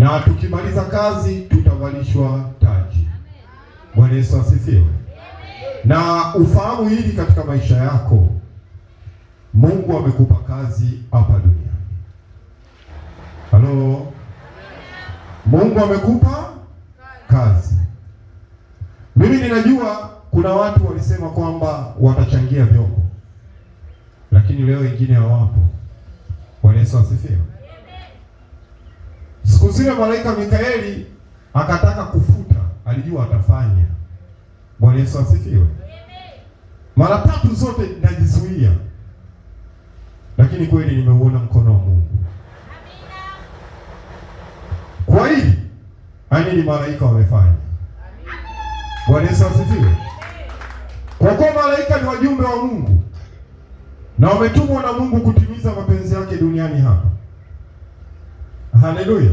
na tukimaliza kazi tutavalishwa taji. Bwana Yesu asifiwe. Na ufahamu hili katika maisha yako, Mungu amekupa kazi hapa duniani. Halo, Mungu amekupa kazi. Mimi ninajua kuna watu walisema kwamba watachangia vyombo, lakini leo wengine hawapo. Bwana Yesu asifiwe. Siku zile malaika Mikaeli akataka kufuta, alijua atafanya. Bwana Yesu asifiwe. Mara tatu zote najizuia, lakini kweli nimeuona mkono wa Mungu. Kwa hili anini malaika wamefanya. Bwana Yesu asifiwe. Kwa kuwa malaika ni wajumbe wa Mungu na wametumwa na Mungu kutimiza mapenzi yake duniani hapa. Haleluya.